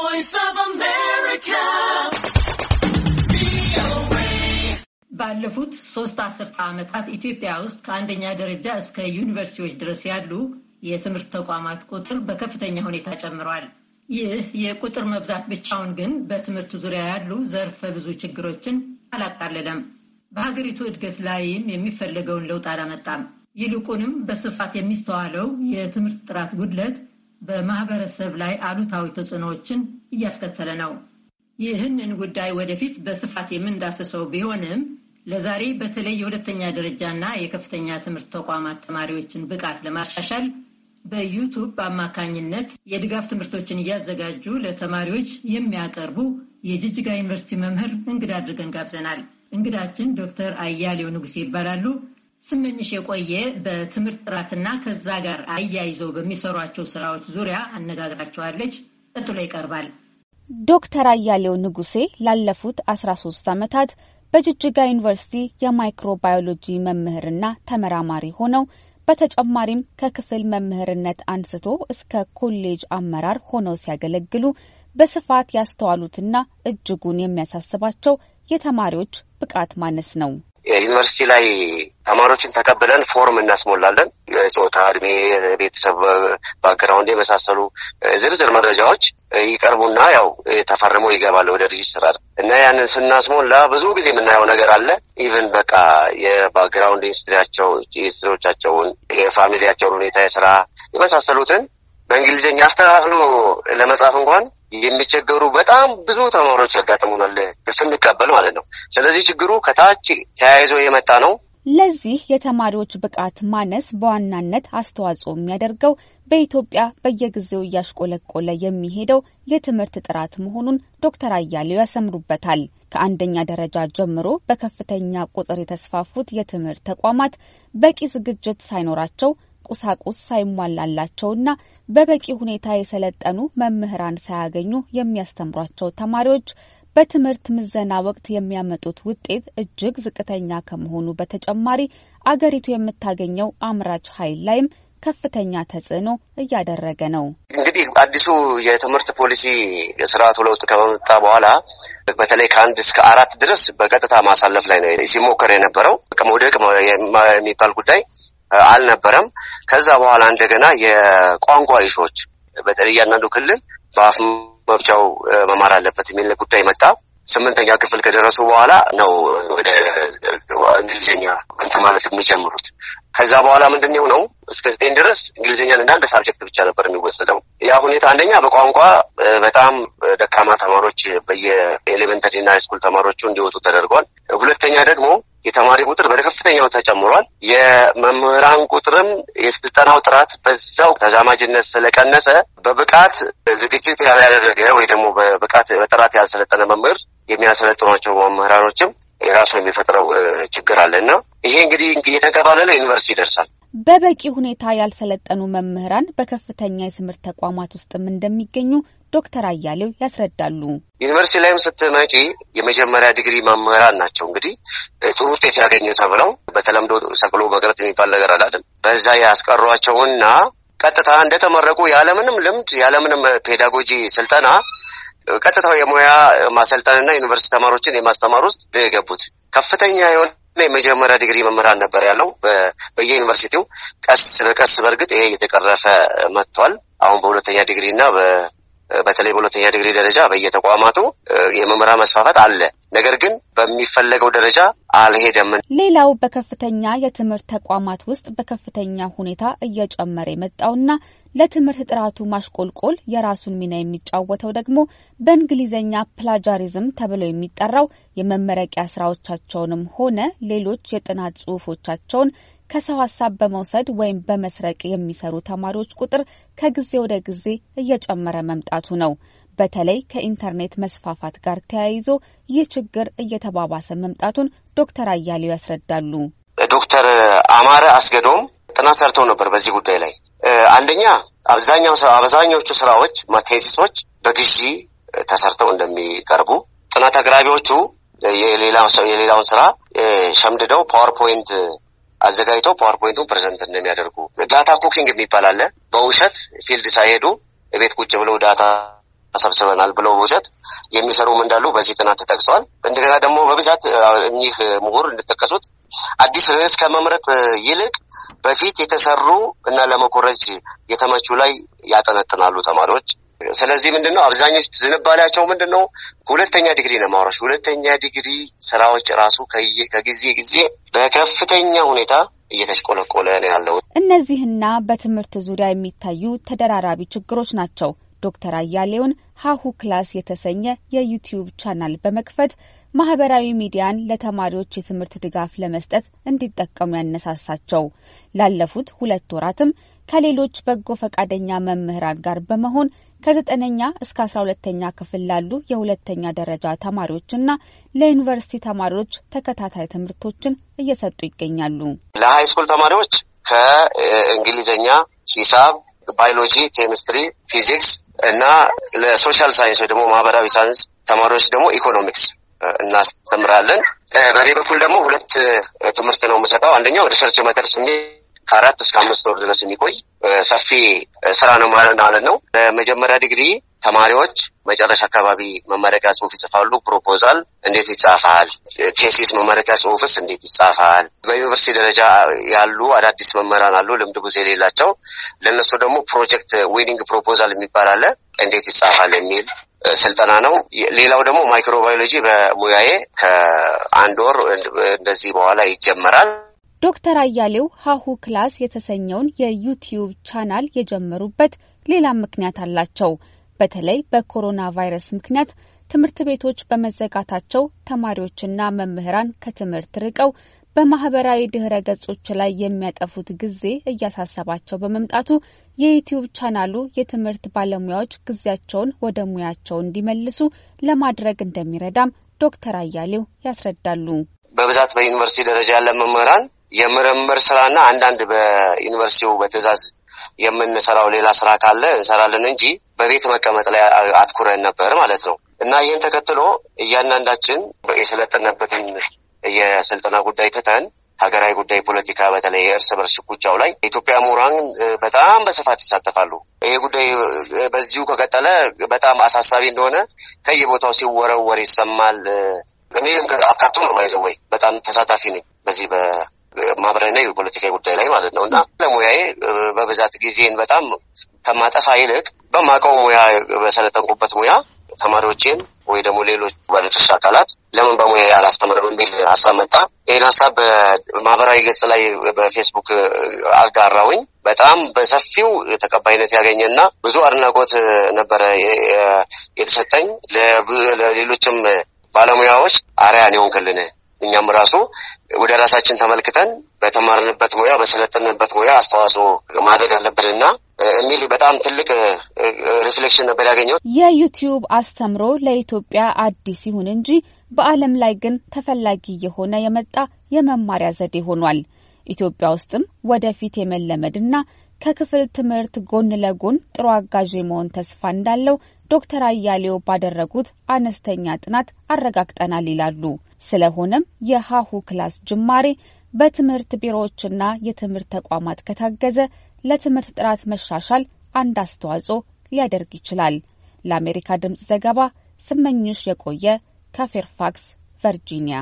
voice of America. ባለፉት ሶስት አስርተ ዓመታት ኢትዮጵያ ውስጥ ከአንደኛ ደረጃ እስከ ዩኒቨርሲቲዎች ድረስ ያሉ የትምህርት ተቋማት ቁጥር በከፍተኛ ሁኔታ ጨምሯል። ይህ የቁጥር መብዛት ብቻውን ግን በትምህርት ዙሪያ ያሉ ዘርፈ ብዙ ችግሮችን አላቃለለም። በሀገሪቱ እድገት ላይም የሚፈለገውን ለውጥ አላመጣም። ይልቁንም በስፋት የሚስተዋለው የትምህርት ጥራት ጉድለት በማህበረሰብ ላይ አሉታዊ ተጽዕኖዎችን እያስከተለ ነው። ይህንን ጉዳይ ወደፊት በስፋት የምንዳስሰው ቢሆንም ለዛሬ በተለይ የሁለተኛ ደረጃና የከፍተኛ ትምህርት ተቋማት ተማሪዎችን ብቃት ለማሻሻል በዩቱብ አማካኝነት የድጋፍ ትምህርቶችን እያዘጋጁ ለተማሪዎች የሚያቀርቡ የጅጅጋ ዩኒቨርሲቲ መምህር እንግዳ አድርገን ጋብዘናል። እንግዳችን ዶክተር አያሌው ንጉሴ ይባላሉ። ስመኝሽ የቆየ በትምህርት ጥራትና ከዛ ጋር አያይዘው በሚሰሯቸው ስራዎች ዙሪያ አነጋግራቸዋለች። ቀጥሎ ይቀርባል። ዶክተር አያሌው ንጉሴ ላለፉት አስራ ሶስት ዓመታት በጅጅጋ ዩኒቨርሲቲ የማይክሮባዮሎጂ መምህርና ተመራማሪ ሆነው በተጨማሪም ከክፍል መምህርነት አንስቶ እስከ ኮሌጅ አመራር ሆነው ሲያገለግሉ በስፋት ያስተዋሉትና እጅጉን የሚያሳስባቸው የተማሪዎች ብቃት ማነስ ነው። ዩኒቨርሲቲ ላይ ተማሪዎችን ተቀብለን ፎርም እናስሞላለን። የጾታ፣ እድሜ፣ ቤተሰብ ባክግራውንድ የመሳሰሉ ዝርዝር መረጃዎች ይቀርቡና ያው ተፈርመው ይገባል ወደ ሬጅስትራር እና ያንን ስናስሞላ ብዙ ጊዜ የምናየው ነገር አለ። ኢቨን በቃ የባክግራውንድ ኢንስትሪያቸው ኢንስትሪዎቻቸውን፣ የፋሚሊያቸውን ሁኔታ የስራ የመሳሰሉትን በእንግሊዝኛ አስተካክሎ ለመጻፍ እንኳን የሚቸገሩ በጣም ብዙ ተማሪዎች ያጋጥሙናል ስንቀበል ማለት ነው። ስለዚህ ችግሩ ከታች ተያይዞ የመጣ ነው። ለዚህ የተማሪዎች ብቃት ማነስ በዋናነት አስተዋጽኦ የሚያደርገው በኢትዮጵያ በየጊዜው እያሽቆለቆለ የሚሄደው የትምህርት ጥራት መሆኑን ዶክተር አያሌው ያሰምሩበታል። ከአንደኛ ደረጃ ጀምሮ በከፍተኛ ቁጥር የተስፋፉት የትምህርት ተቋማት በቂ ዝግጅት ሳይኖራቸው ቁሳቁስ ሳይሟላላቸውና በበቂ ሁኔታ የሰለጠኑ መምህራን ሳያገኙ የሚያስተምሯቸው ተማሪዎች በትምህርት ምዘና ወቅት የሚያመጡት ውጤት እጅግ ዝቅተኛ ከመሆኑ በተጨማሪ አገሪቱ የምታገኘው አምራች ኃይል ላይም ከፍተኛ ተጽዕኖ እያደረገ ነው። እንግዲህ አዲሱ የትምህርት ፖሊሲ ስርዓቱ ለውጥ ከመጣ በኋላ በተለይ ከአንድ እስከ አራት ድረስ በቀጥታ ማሳለፍ ላይ ነው ሲሞከር የነበረው። መውደቅ የሚባል ጉዳይ አልነበረም። ከዛ በኋላ እንደገና የቋንቋ ይሾች በተለይ እያንዳንዱ ክልል በአፍ መፍቻው መማር አለበት የሚል ጉዳይ መጣ። ስምንተኛ ክፍል ከደረሱ በኋላ ነው ወደ እንግሊዝኛ እንትን ማለት የሚጀምሩት። ከዛ በኋላ ምንድን ነው እስከ ዘጠኝ ድረስ እንግሊዝኛን እንዳንድ ሳብጀክት ብቻ ነበር የሚወሰደው። ያ ሁኔታ አንደኛ በቋንቋ በጣም ደካማ ተማሪዎች በየኤሌመንተሪ እና ሃይስኩል ተማሪዎቹ እንዲወጡ ተደርጓል። ሁለተኛ ደግሞ የተማሪ ቁጥር በከፍተኛ ሁኔታ ጨምሯል። የመምህራን ቁጥርም የስልጠናው ጥራት በዛው ተዛማጅነት ስለቀነሰ በብቃት ዝግጅት ያላደረገ ወይ ደግሞ በብቃት በጥራት ያልሰለጠነ መምህር የሚያሰለጥኗቸው መምህራኖችም የራሱ የሚፈጥረው ችግር አለና ይሄ እንግዲህ እየተንከባለለ ዩኒቨርሲቲ ይደርሳል። በበቂ ሁኔታ ያልሰለጠኑ መምህራን በከፍተኛ የትምህርት ተቋማት ውስጥም እንደሚገኙ ዶክተር አያሌው ያስረዳሉ። ዩኒቨርሲቲ ላይም ስትመጪ የመጀመሪያ ዲግሪ መምህራን ናቸው እንግዲህ ጥሩ ውጤት ያገኙ ተብለው በተለምዶ ሰቅሎ መቅረት የሚባል ነገር አላለም። በዛ ያስቀሯቸውና ቀጥታ እንደተመረቁ ያለምንም ልምድ ያለምንም ፔዳጎጂ ስልጠና ቀጥታው የሙያ ማሰልጠንና ዩኒቨርሲቲ ተማሪዎችን የማስተማር ውስጥ የገቡት ከፍተኛ የሆነ የመጀመሪያ ዲግሪ መምህራን ነበር ያለው በየዩኒቨርሲቲው። ቀስ በቀስ በእርግጥ ይሄ እየተቀረፈ መጥቷል። አሁን በሁለተኛ ዲግሪ እና በተለይ በሁለተኛ ዲግሪ ደረጃ በየተቋማቱ የመምህራን መስፋፋት አለ። ነገር ግን በሚፈለገው ደረጃ አልሄደም። ሌላው በከፍተኛ የትምህርት ተቋማት ውስጥ በከፍተኛ ሁኔታ እየጨመረ የመጣውና ለትምህርት ጥራቱ ማሽቆልቆል የራሱን ሚና የሚጫወተው ደግሞ በእንግሊዝኛ ፕላጃሪዝም ተብሎ የሚጠራው የመመረቂያ ስራዎቻቸውንም ሆነ ሌሎች የጥናት ጽሁፎቻቸውን ከሰው ሀሳብ በመውሰድ ወይም በመስረቅ የሚሰሩ ተማሪዎች ቁጥር ከጊዜ ወደ ጊዜ እየጨመረ መምጣቱ ነው። በተለይ ከኢንተርኔት መስፋፋት ጋር ተያይዞ ይህ ችግር እየተባባሰ መምጣቱን ዶክተር አያሌው ያስረዳሉ። ዶክተር አማረ አስገዶም ጥናት ሰርተው ነበር በዚህ ጉዳይ ላይ አንደኛ አብዛኛው አብዛኛዎቹ ስራዎች ቴሲሶች በግዢ ተሰርተው እንደሚቀርቡ ጥናት አቅራቢዎቹ የሌላውን ስራ ሸምድደው ፓወርፖይንት አዘጋጅተው ፓወርፖይንቱን ፕሬዘንት እንደሚያደርጉ ዳታ ኩኪንግ የሚባል አለ። በውሸት ፊልድ ሳይሄዱ ቤት ቁጭ ብለው ዳታ ተሰብስበናል ብለው በውሸት የሚሰሩም እንዳሉ በዚህ ጥናት ተጠቅሰዋል። እንደገና ደግሞ በብዛት እኚህ ምሁር እንደጠቀሱት አዲስ ርዕስ ከመምረጥ ይልቅ በፊት የተሰሩ እና ለመኮረጅ የተመቹ ላይ ያጠነጥናሉ ተማሪዎች። ስለዚህ ምንድን ነው አብዛኞች ዝንባላቸው ምንድን ነው? ሁለተኛ ዲግሪ ነው ማውራሽ። ሁለተኛ ዲግሪ ስራዎች ራሱ ከጊዜ ጊዜ በከፍተኛ ሁኔታ እየተሽቆለቆለ ነው ያለው። እነዚህና በትምህርት ዙሪያ የሚታዩ ተደራራቢ ችግሮች ናቸው ዶክተር አያሌውን ሀሁ ክላስ የተሰኘ የዩቲዩብ ቻናል በመክፈት ማህበራዊ ሚዲያን ለተማሪዎች የትምህርት ድጋፍ ለመስጠት እንዲጠቀሙ ያነሳሳቸው። ላለፉት ሁለት ወራትም ከሌሎች በጎ ፈቃደኛ መምህራን ጋር በመሆን ከዘጠነኛ እስከ አስራ ሁለተኛ ክፍል ላሉ የሁለተኛ ደረጃ ተማሪዎችና ለዩኒቨርሲቲ ተማሪዎች ተከታታይ ትምህርቶችን እየሰጡ ይገኛሉ። ለሃይስኩል ተማሪዎች ከእንግሊዝኛ፣ ሂሳብ፣ ባዮሎጂ፣ ኬሚስትሪ፣ ፊዚክስ እና ለሶሻል ሳይንስ ወይ ደግሞ ማህበራዊ ሳይንስ ተማሪዎች ደግሞ ኢኮኖሚክስ እናስተምራለን። በእኔ በኩል ደግሞ ሁለት ትምህርት ነው የምሰጠው። አንደኛው ሪሰርች ሜተድስ ከአራት እስከ አምስት ወር ድረስ የሚቆይ ሰፊ ስራ ነው ማለት ነው። ለመጀመሪያ ዲግሪ ተማሪዎች መጨረሻ አካባቢ መመረቂያ ጽሁፍ ይጽፋሉ። ፕሮፖዛል እንዴት ይጻፋል? ቴሲስ መመረቂያ ጽሁፍስ እንዴት ይጻፋል? በዩኒቨርሲቲ ደረጃ ያሉ አዳዲስ መምህራን አሉ፣ ልምድ ብዙ የሌላቸው። ለእነሱ ደግሞ ፕሮጀክት ዊኒንግ ፕሮፖዛል የሚባል አለ፣ እንዴት ይጻፋል የሚል ስልጠና ነው። ሌላው ደግሞ ማይክሮባዮሎጂ በሙያዬ ከአንድ ወር እንደዚህ በኋላ ይጀመራል። ዶክተር አያሌው ሀሁ ክላስ የተሰኘውን የዩቲዩብ ቻናል የጀመሩበት ሌላ ምክንያት አላቸው። በተለይ በኮሮና ቫይረስ ምክንያት ትምህርት ቤቶች በመዘጋታቸው ተማሪዎችና መምህራን ከትምህርት ርቀው በማህበራዊ ድህረ ገጾች ላይ የሚያጠፉት ጊዜ እያሳሰባቸው በመምጣቱ የዩቲዩብ ቻናሉ የትምህርት ባለሙያዎች ጊዜያቸውን ወደ ሙያቸው እንዲመልሱ ለማድረግ እንደሚረዳም ዶክተር አያሌው ያስረዳሉ። በብዛት በዩኒቨርሲቲ ደረጃ ያለ መምህራን የምርምር ስራና አንዳንድ በዩኒቨርሲቲው በትዕዛዝ የምንሰራው ሌላ ስራ ካለ እንሰራለን እንጂ በቤት መቀመጥ ላይ አትኩረን ነበር ማለት ነው። እና ይህን ተከትሎ እያንዳንዳችን የሰለጠነበትን የስልጠና ጉዳይ ትተን ሀገራዊ ጉዳይ፣ ፖለቲካ፣ በተለይ የእርስ በርስ ጉጫው ላይ የኢትዮጵያ ምሁራን በጣም በስፋት ይሳተፋሉ። ይሄ ጉዳይ በዚሁ ከቀጠለ በጣም አሳሳቢ እንደሆነ ከየቦታው ሲወረወር ይሰማል። እኔም ከአካቱ ነው ማይዘወይ በጣም ተሳታፊ ነኝ በዚህ ማህበራዊና የፖለቲካዊ ጉዳይ ላይ ማለት ነው እና ለሙያዬ በብዛት ጊዜን በጣም ከማጠፋ ይልቅ በማቀው ሙያ በሰለጠንኩበት ሙያ ተማሪዎቼን ወይ ደግሞ ሌሎች ባለድርሻ አካላት ለምን በሙያ አላስተምርም የሚል ሀሳብ መጣ። ይህን ሀሳብ በማህበራዊ ገጽ ላይ በፌስቡክ አጋራውኝ። በጣም በሰፊው ተቀባይነት ያገኘና ብዙ አድናቆት ነበረ የተሰጠኝ። ለሌሎችም ባለሙያዎች አርአያ የሆንክልን እኛም ራሱ ወደ ራሳችን ተመልክተን በተማርንበት ሙያ በሰለጠንበት ሙያ አስተዋጽኦ ማድረግ አለብንና የሚል በጣም ትልቅ ሪፍሌክሽን ነበር ያገኘው። የዩቲዩብ አስተምሮ ለኢትዮጵያ አዲስ ይሁን እንጂ በዓለም ላይ ግን ተፈላጊ የሆነ የመጣ የመማሪያ ዘዴ ሆኗል። ኢትዮጵያ ውስጥም ወደፊት የመለመድና ከክፍል ትምህርት ጎን ለጎን ጥሩ አጋዥ የመሆን ተስፋ እንዳለው ዶክተር አያሌው ባደረጉት አነስተኛ ጥናት አረጋግጠናል ይላሉ። ስለሆነም የሀሁ ክላስ ጅማሬ በትምህርት ቢሮዎችና የትምህርት ተቋማት ከታገዘ ለትምህርት ጥራት መሻሻል አንድ አስተዋጽኦ ሊያደርግ ይችላል። ለአሜሪካ ድምፅ ዘገባ ስመኝሽ የቆየ ከፌርፋክስ ቨርጂኒያ